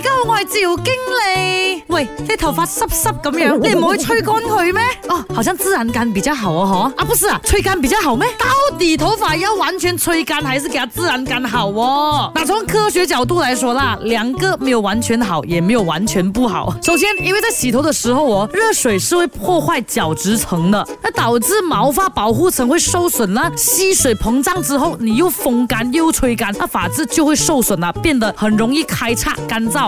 大家好，我係趙經理。喂，你頭髮濕濕咁樣，你唔會吹乾佢咩？哦，好像自然乾比較好啊，嗬？啊，不是啊，吹乾比較好咩？到底頭髮要完全吹乾還是給它自然乾好哦、啊？那從科學角度來說啦，兩個沒有完全好，也沒有完全不好。首先，因為在洗頭的時候哦，熱水是會破壞角質層的，那導致毛髮保護層會受損啦。吸水膨脹之後，你又風乾又吹乾，那髮質就會受損啦，變得很容易開叉、乾燥。